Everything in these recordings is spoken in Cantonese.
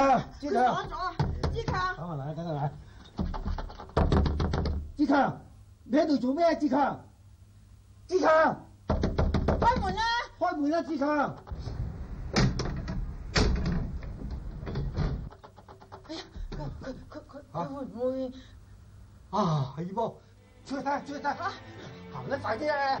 走走我講咗啊，志強。等我嚟，等我嚟。志強，你喺度做咩啊？志強，志強，開門啦、啊！開門啦、啊！志強、啊。哎呀，佢佢佢佢會唔會？啊，阿、啊、二寶，出去睇，出去睇。吓、啊，行得快啲啊！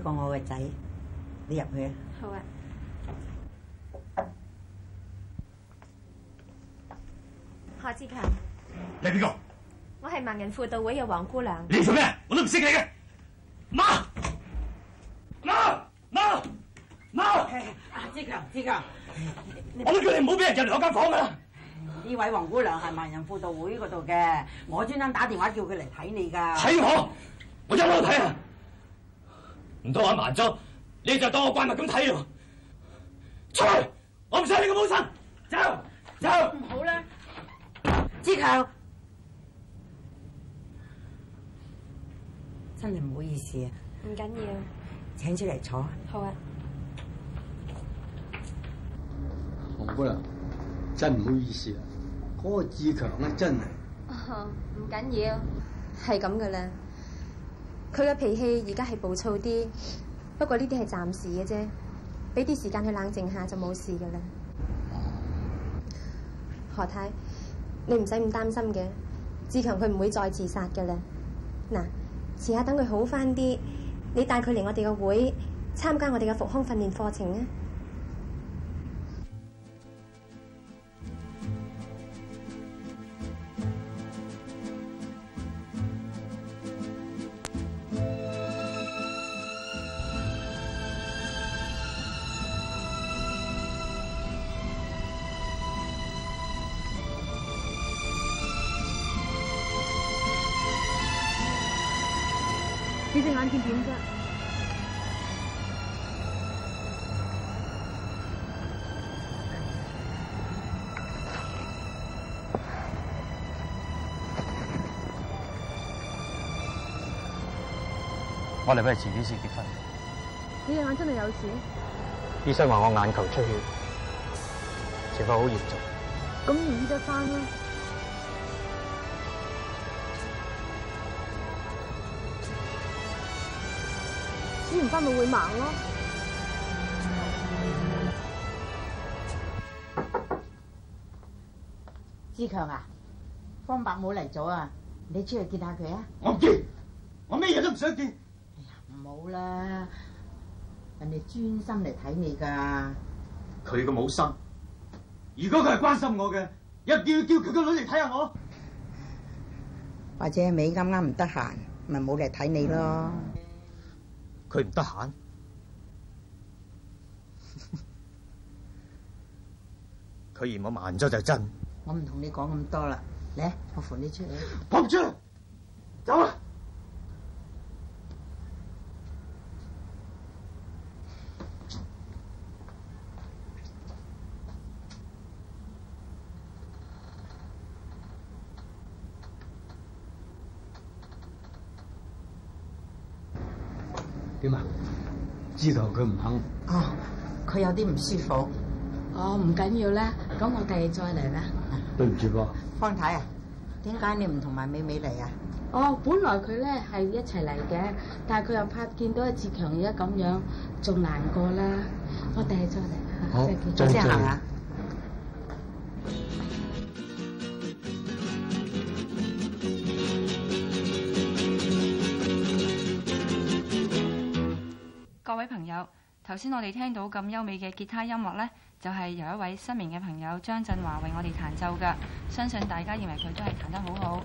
過、這個、我個仔，你入去啊！好啊，夏志強，你係邊個？我係盲人輔導會嘅黃姑娘。你做咩？我都唔識你嘅，媽，媽，媽，媽！阿、哎、志強，志強，我都叫你唔好俾人入嚟我間房噶啦。呢位黃姑娘係盲人輔導會嗰度嘅，我專登打電話叫佢嚟睇你噶。睇我？我一路睇啊！唔通我盲咗，你就當我怪物咁睇咯！出去，我唔想你個武神，走走。唔好咧，志強，真係唔好意思啊。唔緊要，請出嚟坐。好啊。洪姑娘！真唔好意思啊。嗰、個志強呢？真係唔緊要，係咁噶啦。佢嘅脾氣而家係暴躁啲，不過呢啲係暫時嘅啫，俾啲時間佢冷靜下就冇事嘅啦。何太，你唔使咁擔心嘅，志強佢唔會再自殺嘅啦。嗱，遲下等佢好翻啲，你帶佢嚟我哋嘅會，參加我哋嘅復康訓練課程啊。我哋不如遲啲先結婚。你隻眼真係有事？醫生話我眼球出血，情況好嚴重。咁醫得翻咩？醫唔翻咪會盲咯。志強啊，方伯母嚟咗啊，你出去見下佢啊。我唔見，我咩嘢都唔想見。好啦，人哋專心嚟睇你噶。佢個冇心，如果佢係關心我嘅，一定要叫佢個女嚟睇下我。或者阿美啱啱唔得閒，咪冇嚟睇你咯。佢唔得閒，佢嫌我盲咗就真。我唔同你講咁多啦，嚟，我扶你出去，仆住，走啦。知道佢唔肯，哦，佢有啲唔舒服，哦，唔緊要啦，咁我哋再嚟啦。對唔住噃，方太啊，點解你唔同埋美美嚟啊？哦，本來佢咧係一齊嚟嘅，但係佢又怕見到阿志強而家咁樣，仲難過啦。我哋再嚟嚇，好，哦，多謝各位朋友，頭先我哋聽到咁優美嘅吉他音樂咧，就係由一位失明嘅朋友張振華為我哋彈奏噶，相信大家認為佢都係彈得好好。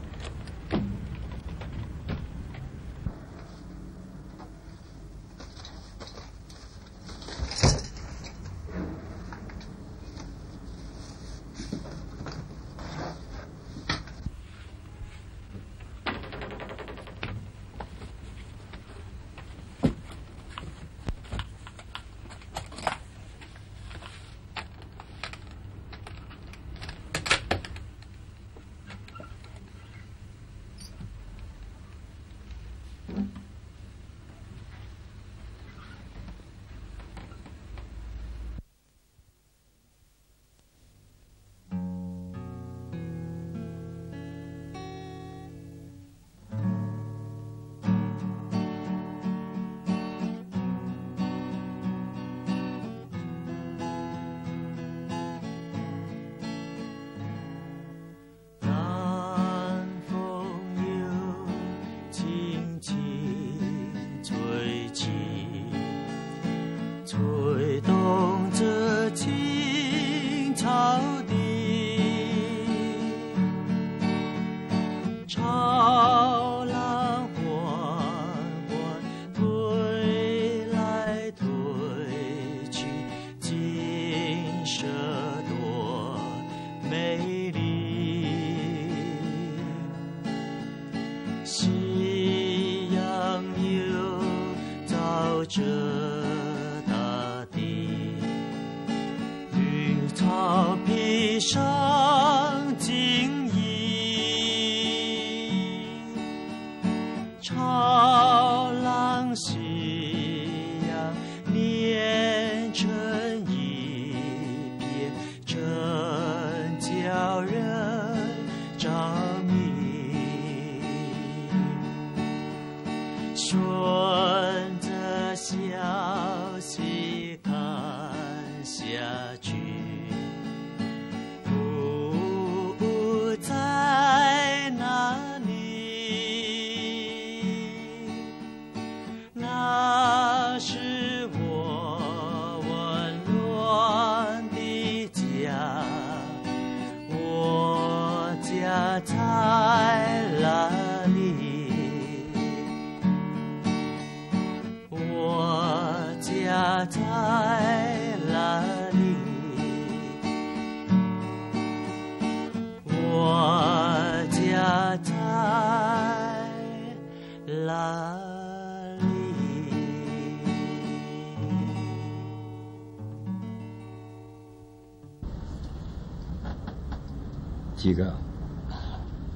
噶，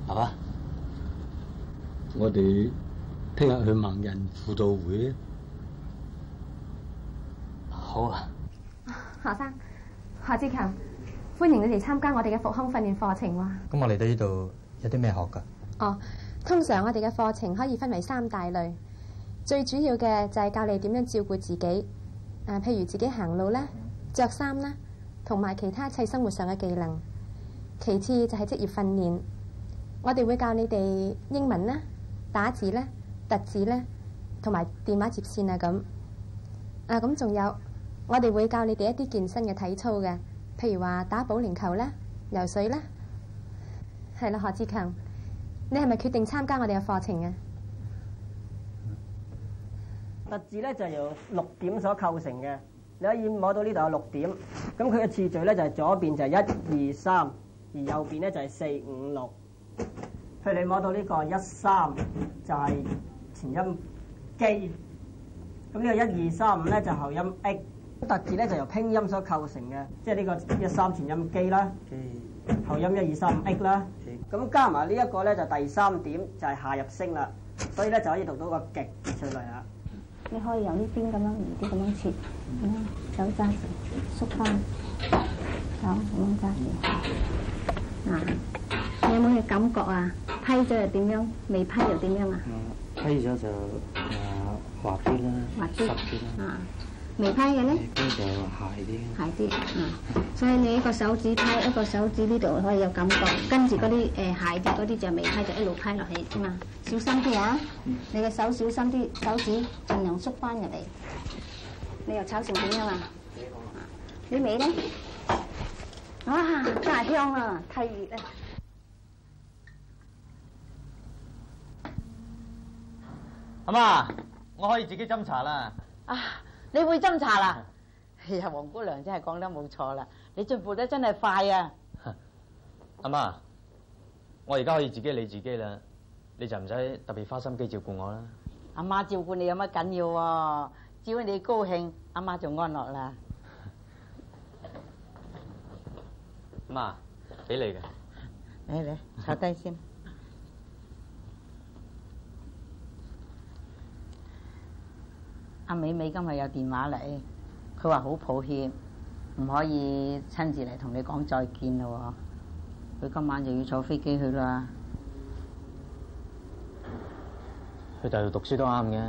係、啊、嘛？我哋聽日去盲人輔導會。好啊，何生，何志強，歡迎你哋參加我哋嘅復康訓練課程喎。咁我嚟到呢度有啲咩學噶？哦，通常我哋嘅課程可以分為三大類，最主要嘅就係教你點樣照顧自己，誒、啊，譬如自己行路啦、着衫啦，同埋其他一切生活上嘅技能。其次就係職業訓練，我哋會教你哋英文啦、打字啦、特字啦同埋電話接線啊。咁啊，咁仲有我哋會教你哋一啲健身嘅體操嘅，譬如話打保齡球啦、游水啦。係啦，何志強，你係咪決定參加我哋嘅課程嘅、啊？特字咧就由六點所構成嘅，你可以摸到呢度有六點。咁佢嘅次序咧就係左邊就係一二三。而右邊咧就係四五六，譬如你摸到呢個一三，就係前音機，咁呢個一二三五咧就後音 A，特字咧就由拼音所構成嘅，即係呢個一三前音機啦，後音一二三五 A 啦，咁加埋呢一個咧就第三點就係下入聲啦，所以咧就可以讀到個極出嚟啦。你可以由呢邊咁樣移啲咁樣切，咁樣手揸住縮翻，咁樣揸住。啊！你有冇嘅感覺啊？批咗又點樣？未批又點樣啊？批咗就啊滑啲啦，滑啲啲啦。啊，未批嘅咧？一般就話鞋啲。鞋啲，啊！所以你一個手指批，一個手指呢度可以有感覺，跟住嗰啲誒鞋啲嗰啲就未批，就一路批落去之嘛。小心啲啊！你個手小心啲，手指盡量縮翻入嚟。你又炒成點樣啊？你好，你尾咧？啊，真香啊，太熱啦。阿媽，我可以自己斟茶啦。啊！你會斟茶啦，啊？哎呀，王姑娘真係講得冇錯啦。你進步得真係快啊！阿媽，我而家可以自己理自己啦，你就唔使特別花心機照顧我啦。阿媽照顧你有乜緊要，啊？只要你高興，阿媽就安樂啦。媽，俾你嘅。嚟，嚟，坐低先。阿美美今日有電話嚟，佢話好抱歉，唔可以親自嚟同你講再見咯。佢今晚就要坐飛機去啦。去大陸讀書都啱嘅，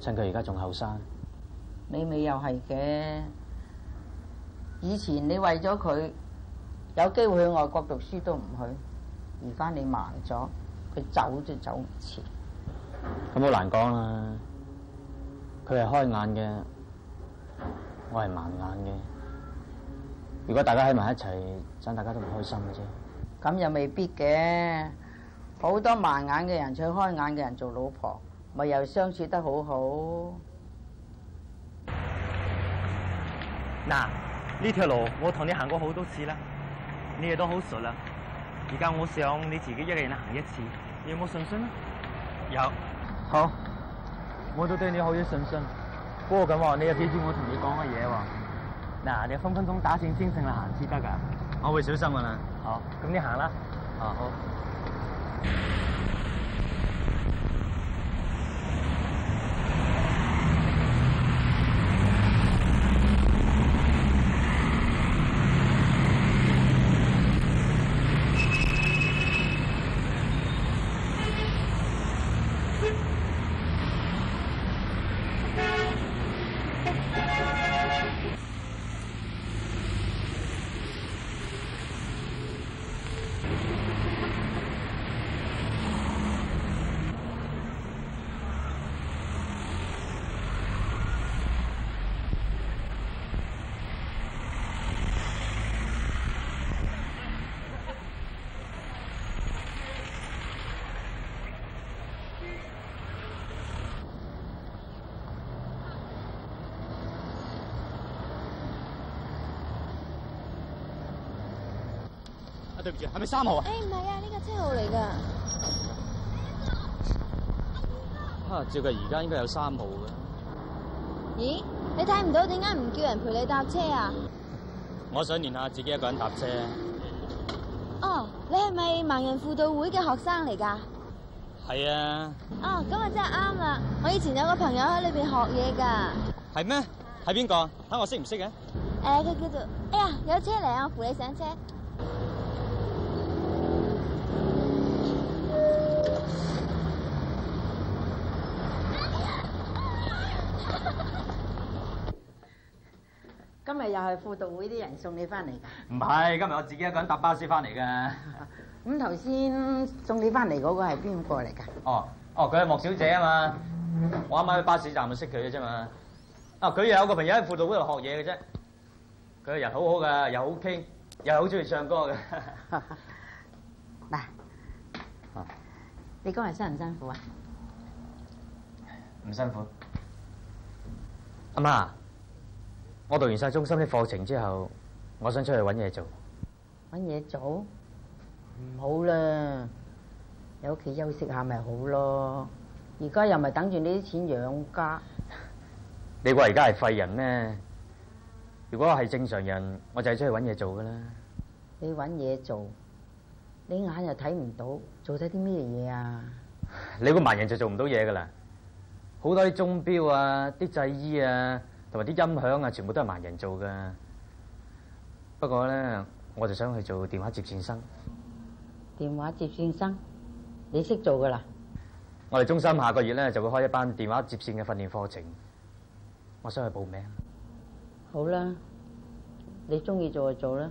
趁佢而家仲後生。美美又係嘅。以前你為咗佢有機會去外國讀書都唔去，而家你盲咗，佢走都走唔切。咁好難講啦，佢係開眼嘅，我係盲眼嘅。如果大家喺埋一齊，想大家都唔開心嘅啫。咁又未必嘅，好多盲眼嘅人娶開眼嘅人做老婆，咪又相處得好好。嗱。呢條路我同你行過好多次啦，你哋都好熟啦。而家我想你自己一個人行一次，你有冇信心啊？有。好，我都對你好有信心。不過咁你又記住我同你講嘅嘢喎。嗱，你分分鐘打醒精神嚟，行先得噶。我會小心噶啦。好，咁你行啦。啊好。對唔住，係咪三號、哎、啊？誒、這個，唔係啊，呢個七號嚟噶。哈，照計而家應該有三號嘅。咦？你睇唔到？點解唔叫人陪你搭車啊？我想練下自己一個人搭車。哦，你係咪盲人輔導會嘅學生嚟噶？係啊。哦，咁啊真係啱啦！我以前有個朋友喺裏邊學嘢噶。係咩？係邊個？睇我識唔識嘅？誒、哎，佢叫做，哎呀，有車嚟啊！我扶你上車。今日又係輔導會啲人送你翻嚟噶唔係，今日我自己一個人搭巴士翻嚟噶咁頭先送你翻嚟嗰個係邊個嚟噶哦，哦，佢係莫小姐啊嘛，我啱啱喺巴士站就識佢嘅啫嘛。啊，佢又有一個朋友喺輔導會度學嘢嘅啫。佢人好好噶，又好傾，又好中意唱歌嘅。嗱、啊啊，你今日辛唔辛苦啊？唔辛苦。阿媽。我讀完晒中心啲課程之後，我想出去搵嘢做。搵嘢做？唔好啦，有屋企休息下咪好咯。而家又咪等住你啲錢養家。你估而家係廢人咩？如果係正常人，我就係出去搵嘢做噶啦。你搵嘢做，你眼又睇唔到，做到啲咩嘢啊？你個盲人就做唔到嘢噶啦。好多啲鐘表啊，啲製衣啊。同埋啲音響啊，全部都係盲人做噶。不過呢，我就想去做電話接線生。電話接線生，你識做噶啦。我哋中心下個月呢就會開一班電話接線嘅訓練課程，我想去報名。好啦，你中意做就做啦。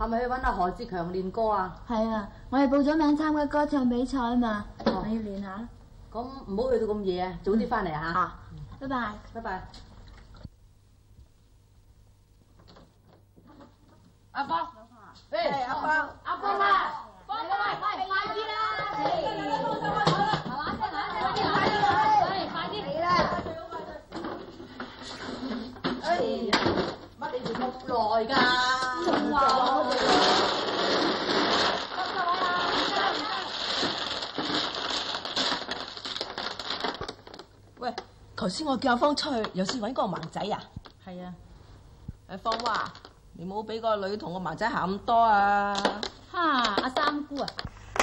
係咪去搵阿何志強練歌啊？係啊，我哋報咗名參加歌唱比賽嘛，你要練下。咁唔好去到咁夜、嗯、啊，早啲翻嚟啊！吓，拜拜，拜拜。阿芳，誒，阿芳，阿芳啊，芳哥、啊，快快啲啦！唥一聲，唥一聲，快啲嚟！誒，快啲！嚟啦！誒，乜你哋咁耐噶？喂，頭先我叫阿芳出去，有事揾嗰個盲仔啊？係啊，阿芳啊，你冇俾個女同個盲仔行咁多啊！哈，阿三姑啊，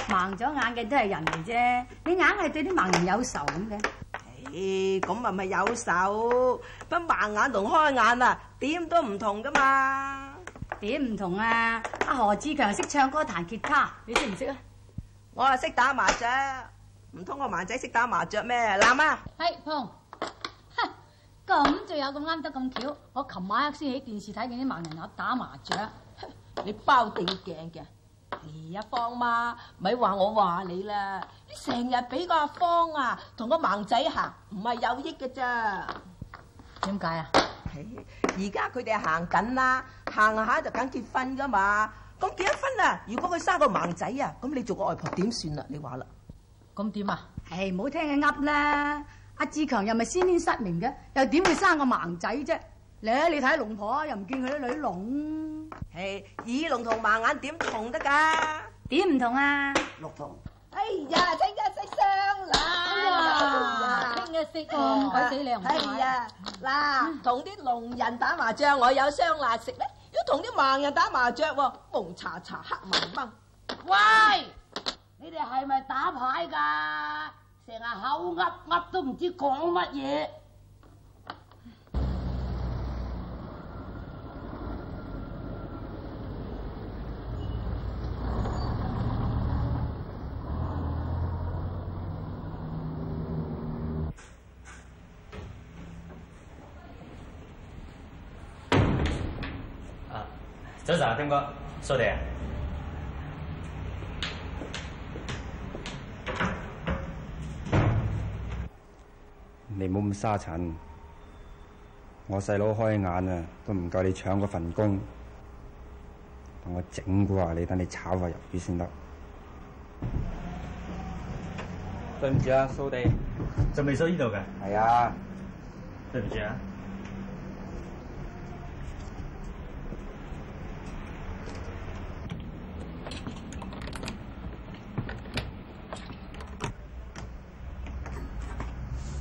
盲咗眼嘅都係人嚟啫，你硬係對啲盲人有仇咁嘅？唉，咁咪咪有仇？不盲眼同開眼啊，點都唔同噶嘛！點唔同啊？阿何志強識唱歌彈吉他，你識唔識啊？我啊識打麻雀，唔通，個盲仔識打麻雀咩？阿媽，係、hey, 碰，咁就有咁啱得咁巧。我琴晚黑先喺電視睇見啲盲人阿打麻雀， 你包定鏡嘅。哎呀、啊，方媽咪話我話你啦，你成日俾個阿方啊同個盲仔行，唔係有益嘅咋？點解啊？而家佢哋行緊啦，行下就緊結婚噶嘛。咁結咗婚啦，如果佢生個盲仔啊，咁你做個外婆點算啦？你話啦，咁點啊？唉、哎，唔好聽佢噏啦。阿、啊、志強又咪先天失明嘅，又點會生個盲仔啫？咧，你睇龍婆又唔見佢啲女聾。誒、哎，耳聾同盲眼點同得噶？點唔同啊？六同。哎呀，清一色雙辣，哎哎哎，清一色，鬼、啊、死你、啊！哎呀，嗱，同啲聾人打麻雀，我有雙辣食咧，要同啲盲人打麻雀，蒙查查黑盲盲。喂，你哋係咪打牌噶？成日口噏噏都唔知講乜嘢。早晨，丁哥。掃地。你唔好咁沙塵，我細佬開眼啊，都唔夠你搶嗰份工。我整嘅話，你等你炒我魷魚先得。對唔住啊，掃地，仲未掃呢度嘅。係啊，對唔住啊。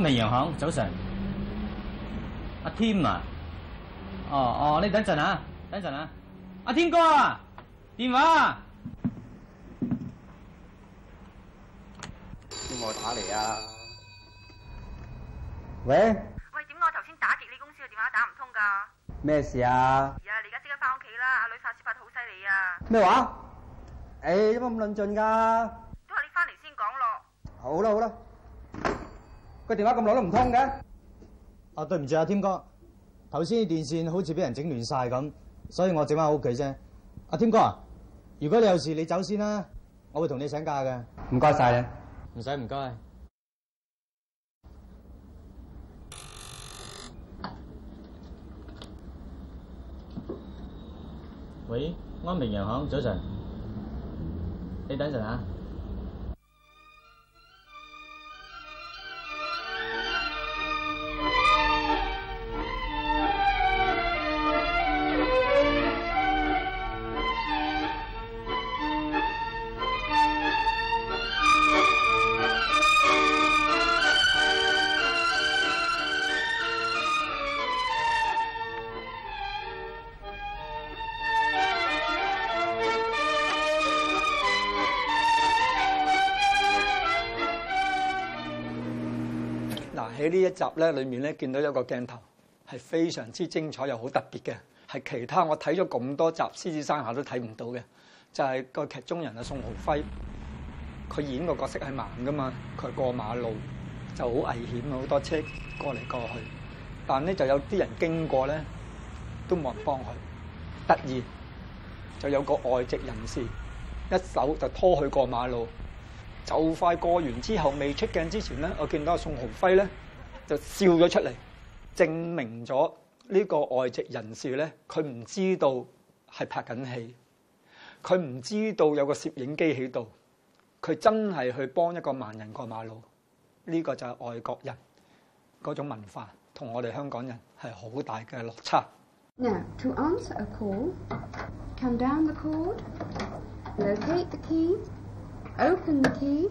明洋行，早晨。阿添啊，哦哦，你等陣啊，等陣啊，阿添哥啊，電話。邊個我打嚟啊？喂？喂，點解我頭先打極你公司嘅電話打唔通噶？咩事啊？哎、呀家啊，你而家即刻翻屋企啦！阿女發燒發到好犀利啊！咩話？誒，點解咁論盡噶？都係你翻嚟先講咯。好啦，好啦。個電話咁耐都唔通嘅。啊，對唔住啊，添哥，頭先電線好似俾人整亂晒咁，所以我整翻屋企啫。阿添哥，如果你有事，你走先啦，我會同你請假嘅。唔該晒你，唔使唔該。喂，安明洋行早晨，你等陣啊。集咧，裏面咧，見到有個鏡頭係非常之精彩又好特別嘅，係其他我睇咗咁多集《獅子山下》都睇唔到嘅。就係個劇中人啊，宋豪輝，佢演個角色係盲噶嘛，佢過馬路就好危險，好多車過嚟過去，但咧就有啲人經過咧，都冇人幫佢。突然就有個外籍人士一手就拖佢過馬路，就快過完之後未出鏡之前咧，我見到宋豪輝咧。就笑咗出嚟，證明咗呢個外籍人士咧，佢唔知道係拍緊戲，佢唔知道有個攝影機喺度，佢真係去幫一個盲人過馬路。呢個就係外國人嗰種文化，同我哋香港人係好大嘅落差。Now to answer a call, come down the cord, locate the key, open the key.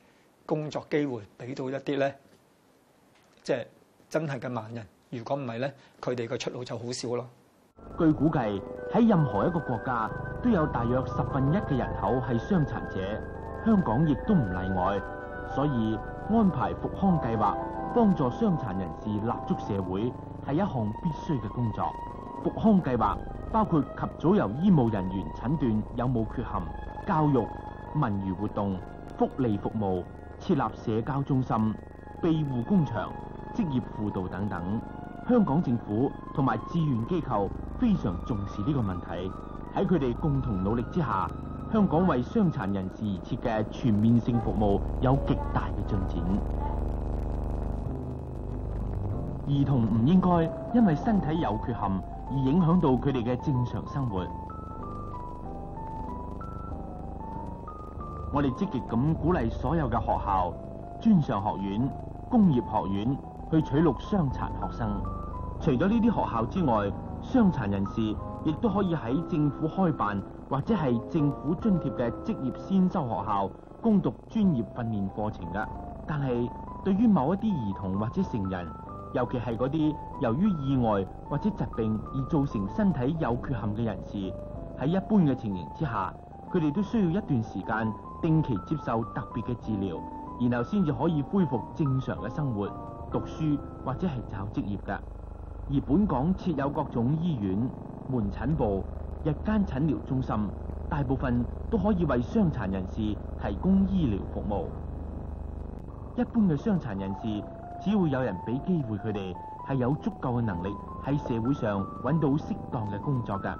工作機會俾到一啲咧，即係真係嘅盲人。如果唔係咧，佢哋嘅出路就好少咯。據估計，喺任何一個國家都有大約十分一嘅人口係傷殘者，香港亦都唔例外。所以安排復康計劃，幫助傷殘人士立足社會係一項必須嘅工作。復康計劃包括及早由醫務人員診斷有冇缺陷、教育、文娛活動、福利服務。設立社交中心、庇護工場、職業輔導等等，香港政府同埋志願機構非常重視呢個問題。喺佢哋共同努力之下，香港為傷殘人士而設嘅全面性服務有極大嘅進展。兒童唔應該因為身體有缺陷而影響到佢哋嘅正常生活。我哋積極咁鼓勵所有嘅學校、專上學院、工業學院去取錄傷殘學生。除咗呢啲學校之外，傷殘人士亦都可以喺政府開辦或者係政府津貼嘅職業先修學校攻讀專業訓練課程㗎。但係對於某一啲兒童或者成人，尤其係嗰啲由於意外或者疾病而造成身體有缺陷嘅人士，喺一般嘅情形之下，佢哋都需要一段時間。定期接受特別嘅治療，然後先至可以恢復正常嘅生活、讀書或者係找職業㗎。而本港設有各種醫院、門診部、日間診療中心，大部分都可以為傷殘人士提供醫療服務。一般嘅傷殘人士，只要有人俾機會，佢哋係有足夠嘅能力喺社會上揾到適當嘅工作㗎。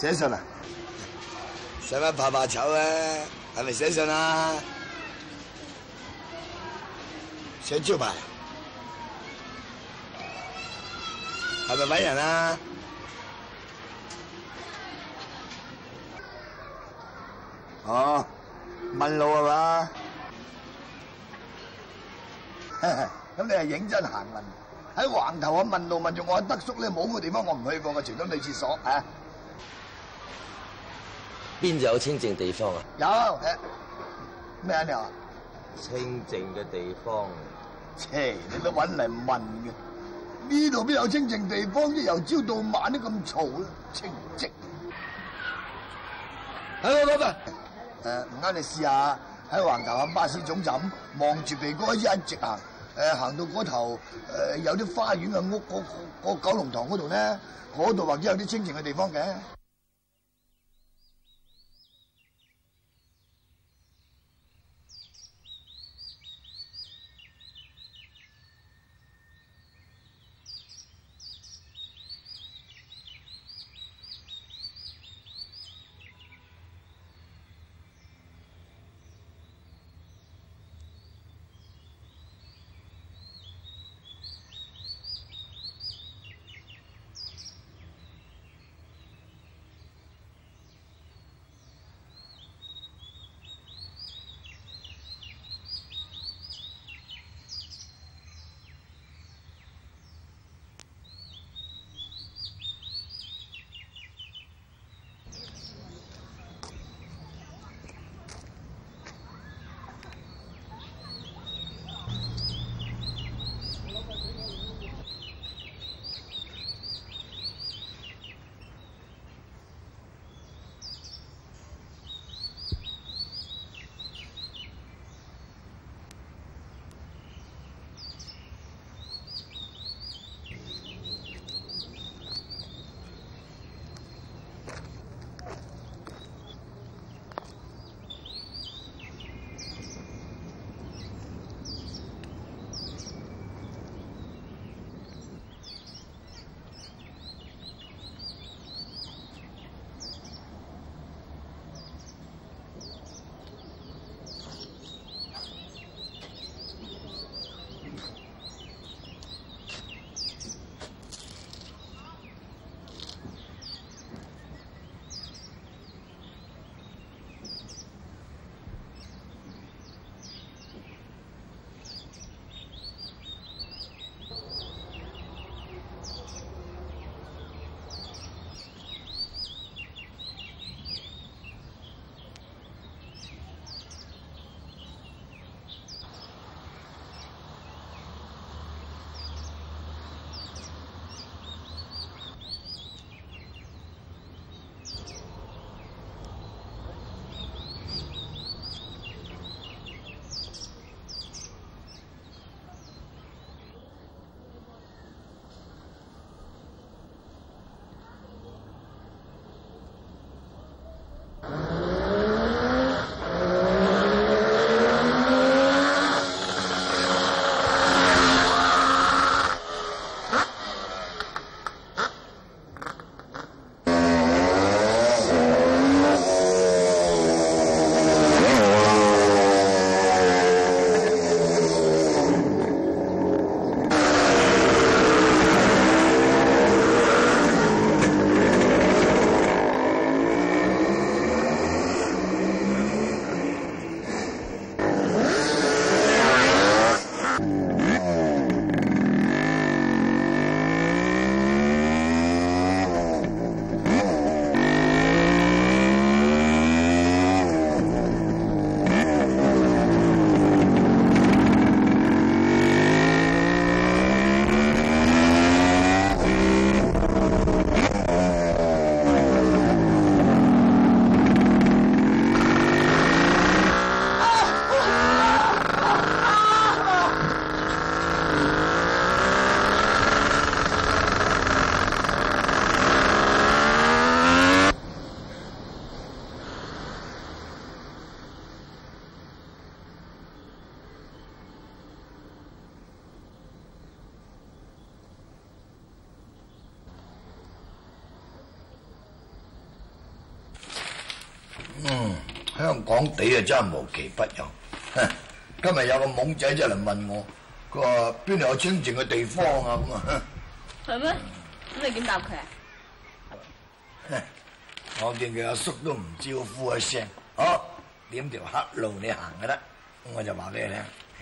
寫信啊！使乜怕怕醜啊？係咪寫信啊？寫招牌，係咪搵人啊？哦，問路係嘛？咁你係認真行運，喺橫頭啊問路問住我，德叔咧冇個地方我唔去過嘅，全都未廁所啊！邊度有清靜地方啊？有誒，咩、欸、啊你話？清靜嘅地方？切、欸，你都揾嚟問嘅？呢度邊有清靜地方啫？由朝到晚都咁嘈啦，清靜。喺我老豆，誒，唔、呃、啱你試下喺橫頭磡巴士總站望住鼻哥，一直行，誒、呃，行到嗰頭，誒、呃，有啲花園嘅屋屋、嗰個嗰個、九龍塘嗰度咧，嗰度或者有啲清靜嘅地方嘅。講地啊，真係無奇不有。今日有個懵仔就嚟問我，佢話邊度有清靜嘅地方啊咁啊。係咩？咁、嗯、你點答佢啊？我見佢阿叔，叔都唔招呼一聲，哦、啊，點條黑路你行噶啦，我就話俾你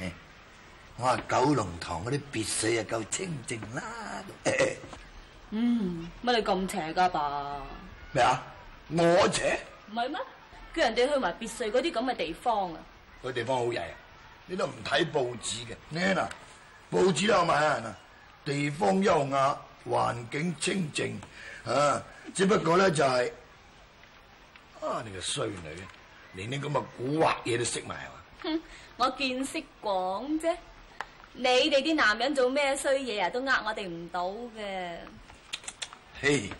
聽。我話九龍塘嗰啲別墅啊夠清靜啦。 嗯，乜你咁邪噶噃、啊？咩啊？我邪？唔係咩？叫人哋去埋別墅嗰啲咁嘅地方啊！佢、那個、地方好曳，啊，你都唔睇報紙嘅？你睇嗱報紙啦，阿馬雅仁啊！地方優雅，環境清靜啊！只不過咧就係、是、啊，你個衰女，啊，連啲咁嘅蠱惑嘢都識埋啊！哼，我見識廣啫！你哋啲男人做咩衰嘢啊？都呃我哋唔到嘅。嘿，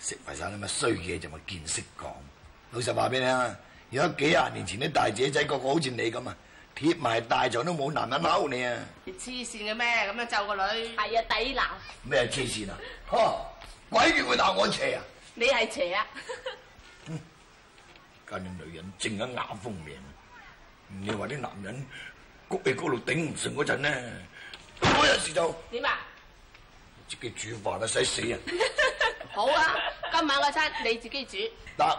食埋晒啲咁衰嘢就咪見識廣。老實話俾你聽啊，而家幾廿年前啲大姐仔個個好似你咁啊，貼埋大床都冇男人嬲你啊！你黐線嘅咩？咁樣咒個女，係啊，抵鬧！咩黐線啊？呵，鬼叫會鬧我邪啊！你係邪啊！ 嗯，家、那、啲、個、女人正喺啞封面，你話啲男人谷氣嗰度頂唔順嗰陣呢？我、哎、有時就點啊？自己煮飯啊，使死人！好啊，今晚嗰餐你自己煮。嗱。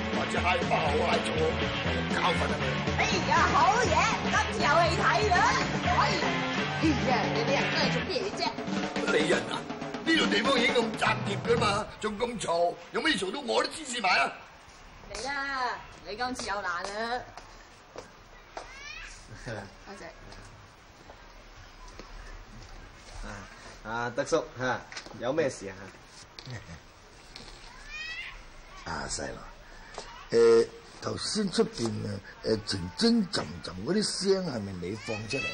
或者挨不好挨錯，教訓啊你！哎呀，好嘢，yeah, 今次有戲睇啦！哎呀，你哋人都係做乜嘢啫？你人啊，呢個地方已經咁雜疊噶嘛？仲咁嘈，有咩嘈到我都黐線埋啊！嚟啦，你今次有難啦！多謝啊，阿德叔嚇，有咩事啊？啊，細路。啊 誒頭先出邊誒整整晶陣陣嗰啲聲係咪你放出嚟？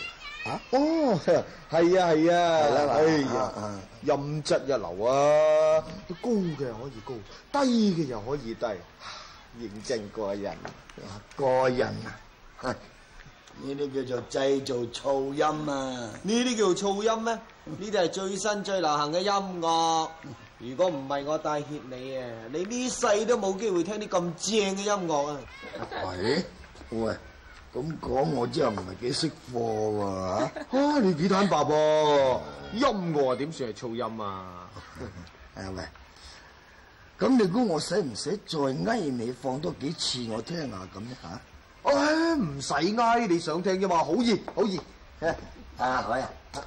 啊哦，係啊係啊，啊，啊，哎呀，音質一流啊！嗯、高嘅可以高，低嘅又可以低，認真過癮過癮，嗯、啊！呢啲叫做製造噪音啊！呢 啲叫做噪音咩？呢啲係最新最流行嘅音樂。如果唔係我帶挈你啊，你呢世都冇機會聽啲咁正嘅音樂啊！喂，喂，咁講我真係唔係幾識貨喎、啊 啊！你幾坦白噃、啊？ 音樂點算係噪音啊？係 咪、啊？咁你估我使唔使再嗌你放多幾次我聽下咁咧吓？唉、啊，唔使嗌，你想聽啫嘛，好易好易。阿海，唔、啊、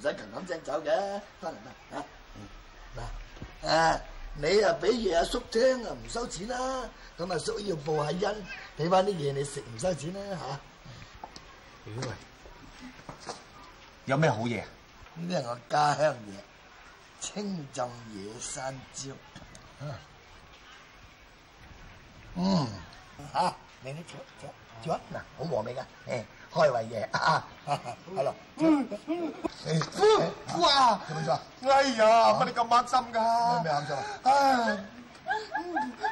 使、啊、勤懇精走嘅，翻嚟啦吓。啊誒、啊，你啊，俾嘢阿叔聽啊，唔收錢啦，咁啊，叔要報下恩，俾翻啲嘢你食，唔收錢啦吓，妖、啊哎，有咩好嘢？呢個係我家鄉嘢，清浸野山椒。嗯，吓、啊，你嚟啜啜啜，嗱，好和味噶，誒、啊。開胃嘢啊！好、啊、啦、啊啊啊啊啊啊，哇！做咩事啊？哎呀，乜你咁黑心噶？咩喊聲啊？唉、啊，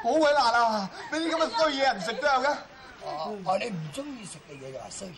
好鬼辣啊！你啲咁嘅衰嘢唔食都有嘅。哦，你唔中意食嘅嘢就話衰嘢。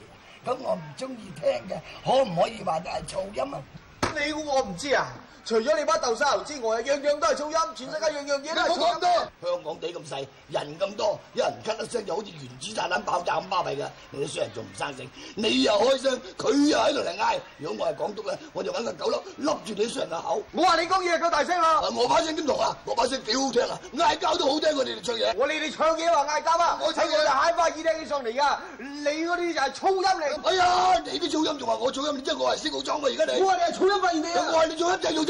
咁我唔中意聽嘅，可唔可以話就係噪音啊？你估我唔知啊。除咗你把豆沙牛之外，樣樣都係噪音，全世界樣樣嘢都係噪音。香港地咁細，人咁多，一人咳一聲就好似原子炸彈爆炸咁巴閉㗎。你啲衰人仲唔生性？你又開聲，佢又喺度嚟嗌。如果我係港督咧，我就揾個狗碌笠住你衰人嘅口。我話你講嘢夠大聲喎！我把聲點同啊？我把聲幾好聽啊？嗌交都好聽過你哋唱嘢。我你哋唱嘢話嗌交啊！我睇佢哋喊花耳仔起上嚟㗎。你嗰啲就係噪音嚟。哎呀！你啲噪音仲話我噪音？你知我係識好裝㗎而家你。我話你係噪音分子啊！我話你噪音就用。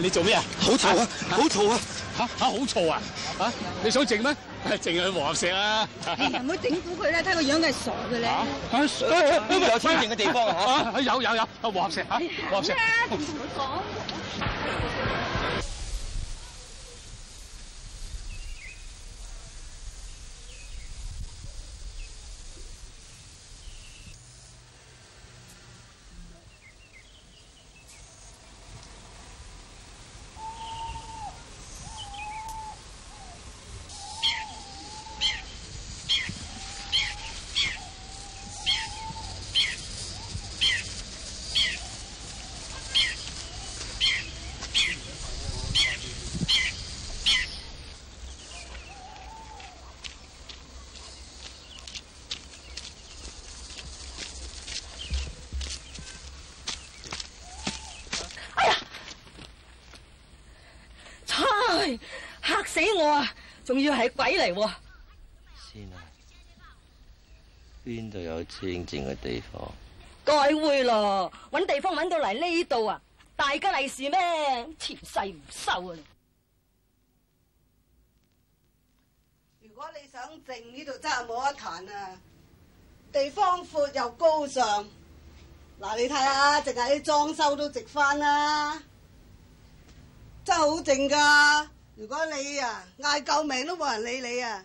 你做咩啊，啊？好嘈啊，啊，啊，啊！好嘈啊！吓吓好嘈啊！嚇你想靜咩？靜去和合石啊！唔好整蠱佢啦，睇佢樣係傻嘅咧。嚇、啊啊哎哎！有、啊、清靜嘅地方啊！嚇、啊！有有有和合石吓，和合石。啊哎嚇死我還啊！仲要係鬼嚟喎！先啊，邊度有清淨嘅地方？該會咯，搵地方搵到嚟呢度啊！大吉利是咩？前世唔收啊！如果你想靜呢度真係冇得彈啊！地方闊又高尚，嗱，你睇下，淨係啲裝修都值翻啦、啊，真係好靜噶！如果你啊嗌救命都冇人理你啊，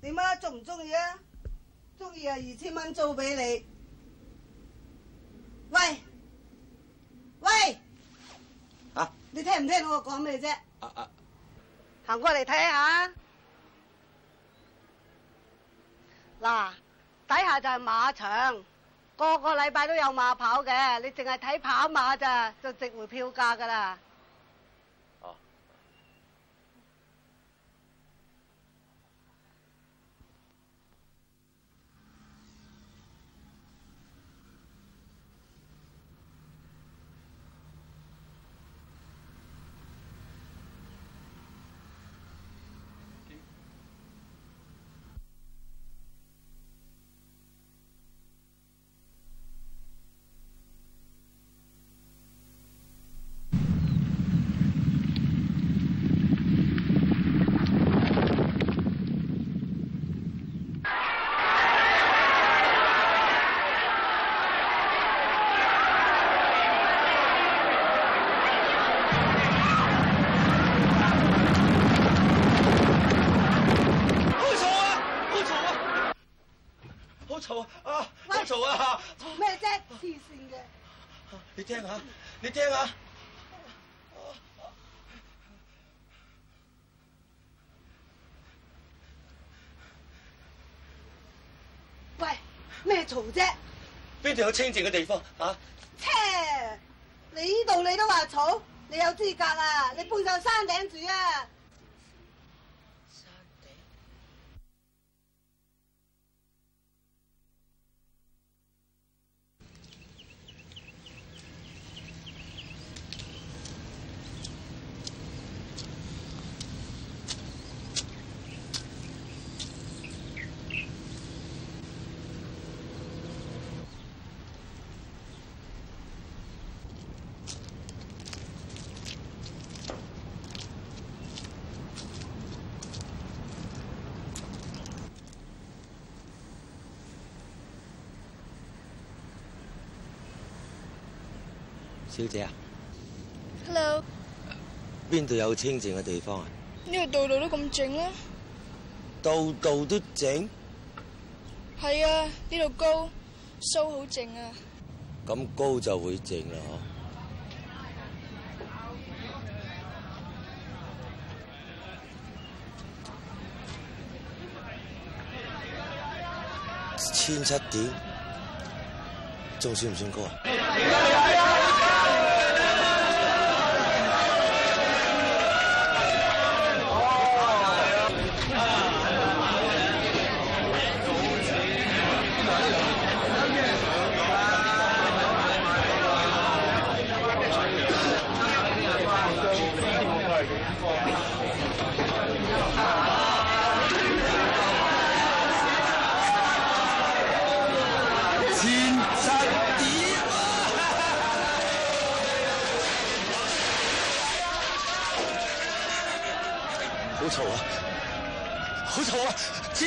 點啊，鍾唔鍾意啊？鍾意啊！二千蚊租畀你。喂喂、啊，你聽唔聽我說講咩啫？行、啊啊、過嚟看睇下，嗱，底下就係馬場，個個禮拜都有馬跑嘅，你淨係睇跑馬咋，就值回票價㗎啦。嘈啫，邊度有清靜嘅地方吓，切，啊，你呢度你都話嘈，你有資格啊？你搬上山頂住啊？小姐啊，Hello，邊度有清靜嘅地方啊？呢度度度都咁靜啊，度度都靜，係啊，呢度高，so 好靜啊，咁高就會靜啦，嗬，千七點，仲算唔算高啊？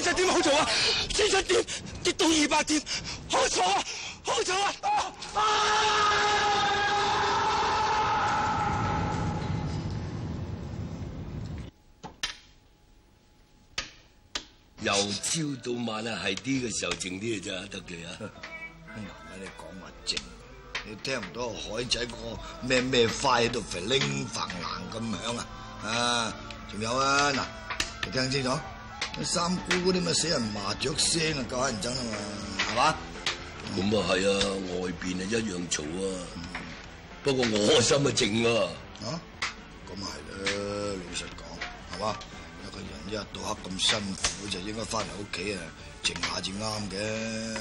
七點好嘈啊！七點跌到二百點，好嘈啊！好嘈啊，啊！由朝到晚啊，係啲嘅時候靜啲嘅咋得嘅啊！啱啱你講話靜，你聽唔到海仔嗰個咩咩花喺度，肥拎繁蘭咁響啊！啊，仲有啊，嗱，你聽清楚。三姑嗰啲咪死人麻雀聲啊，夠人憎啊嘛，係嘛？咁啊係啊，外邊啊一樣嘈啊，不過我心啊靜啊，啊？咁係啦，老實講，係嘛？一個人一日到黑咁辛苦，就應該翻嚟屋企啊，靜下至啱嘅。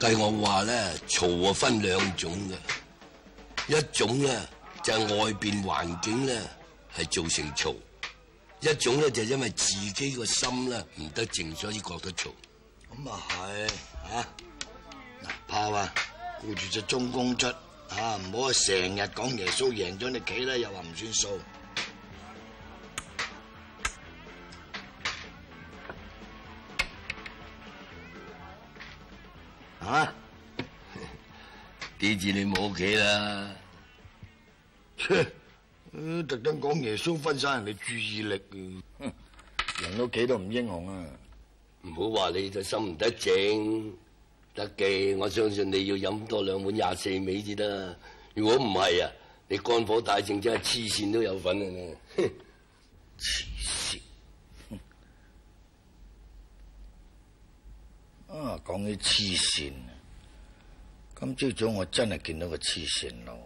計我話咧，嘈啊分兩種嘅，一種咧就係外邊環境咧係造成嘈。一種咧就係因為自己個心咧唔得靜，所以覺得嘈。咁啊係啊，怕啊，顧住隻中公出啊，唔好成日講耶穌贏咗你企咧，又話唔算數。啊，啲字，啊啊、你冇企啦。 特登講耶穌分散人哋注意力。啊，人屋企都唔英雄啊！唔好話你就心唔得整，得嘅，我相信你要飲多兩碗廿四味至得。如果唔係啊，你肝火大盛真係黐線都有份啊！黐 線！啊，講起黐線，今朝早我真係見到個黐線佬。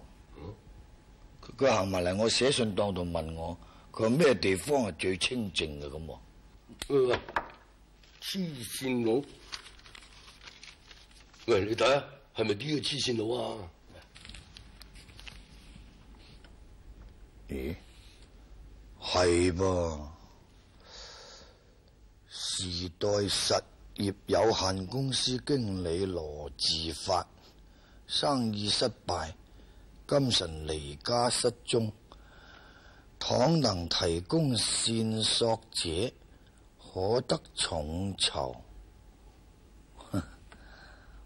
佢行埋嚟，我寫信當度問我，佢話咩地方係最清靜嘅咁喎？黐線佬，喂，你睇下係咪呢個黐線佬啊？咦、欸，係噃？時代實業有限公司經理羅智發，生意失敗。今晨離家失蹤，倘能提供線索者，可得重酬。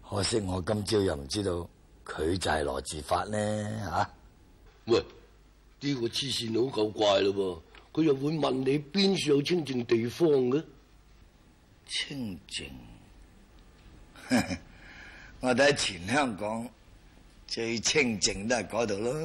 可惜我今朝又唔知道佢就係羅自發呢。吓、啊。喂，呢、這個黐線佬夠怪嘞噃，佢又會問你邊處有清淨地方嘅？清淨， 我哋喺前香港。最清靜都係嗰度咯。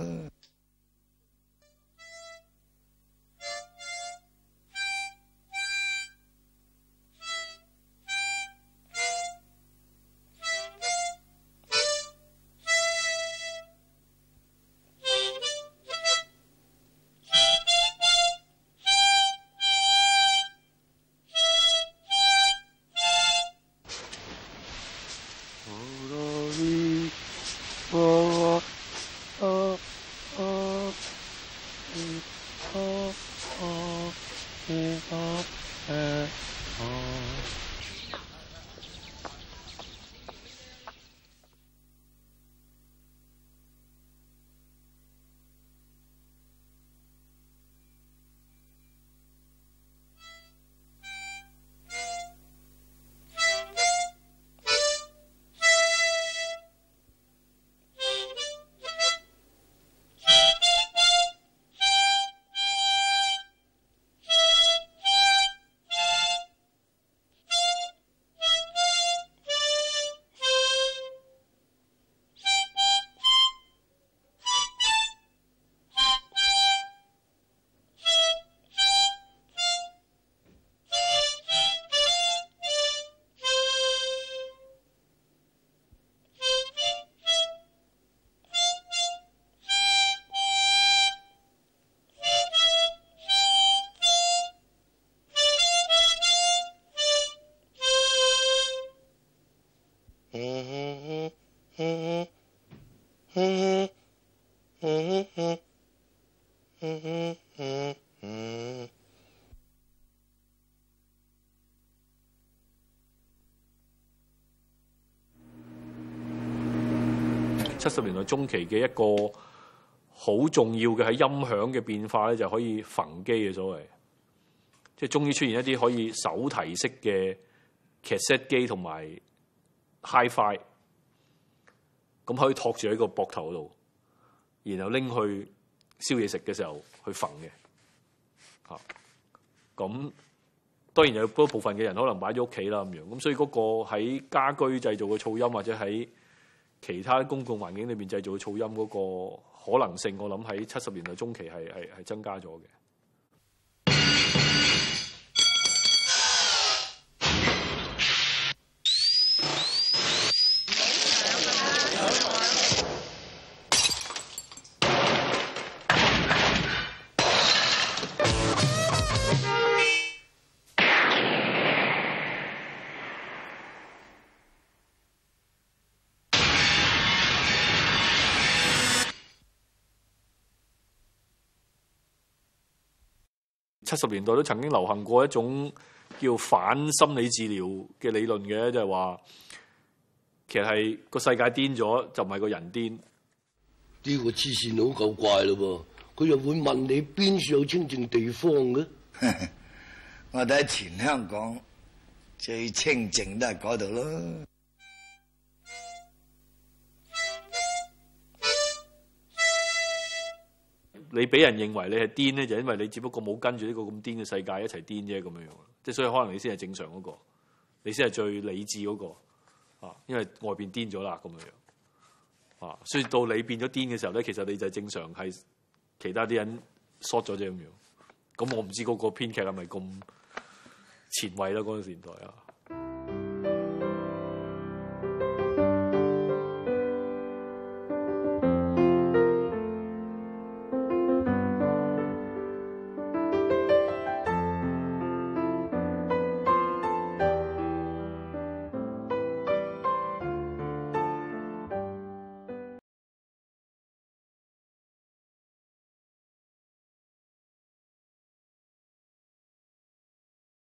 十年代中期嘅一個好重要嘅喺音響嘅變化咧，就是、可以焚機嘅所謂，即係終於出現一啲可以手提式嘅 cassette 機同埋 hi-fi，咁可以托住喺個膊頭度，然後拎去燒嘢食嘅時候去焚嘅。啊，咁當然有嗰部分嘅人可能擺咗屋企啦咁樣，咁所以嗰個喺家居製造嘅噪音或者喺其他公共環境裏面製造噪音嗰個可能性，我諗喺七十年代中期係係係增加咗嘅。七十年代都曾經流行過一種叫反心理治療嘅理論嘅，就係話其實係個世界癲咗，就唔係個人癲。呢個黐線佬夠怪咯噃，佢又會問你邊處有清淨地方嘅？ 我哋喺全香港最清淨都係嗰度咯。你俾人認為你係癲咧，就因為你只不過冇跟住呢個咁癲嘅世界一齊癲啫咁樣樣，即係所以可能你先係正常嗰個，你先係最理智嗰個啊，因為外邊癲咗啦咁樣樣啊，所以到你變咗癲嘅時候咧，其實你就正常係其他啲人縮咗啫咁樣，咁我唔知嗰個編劇係咪咁前衛啦嗰陣時代啊。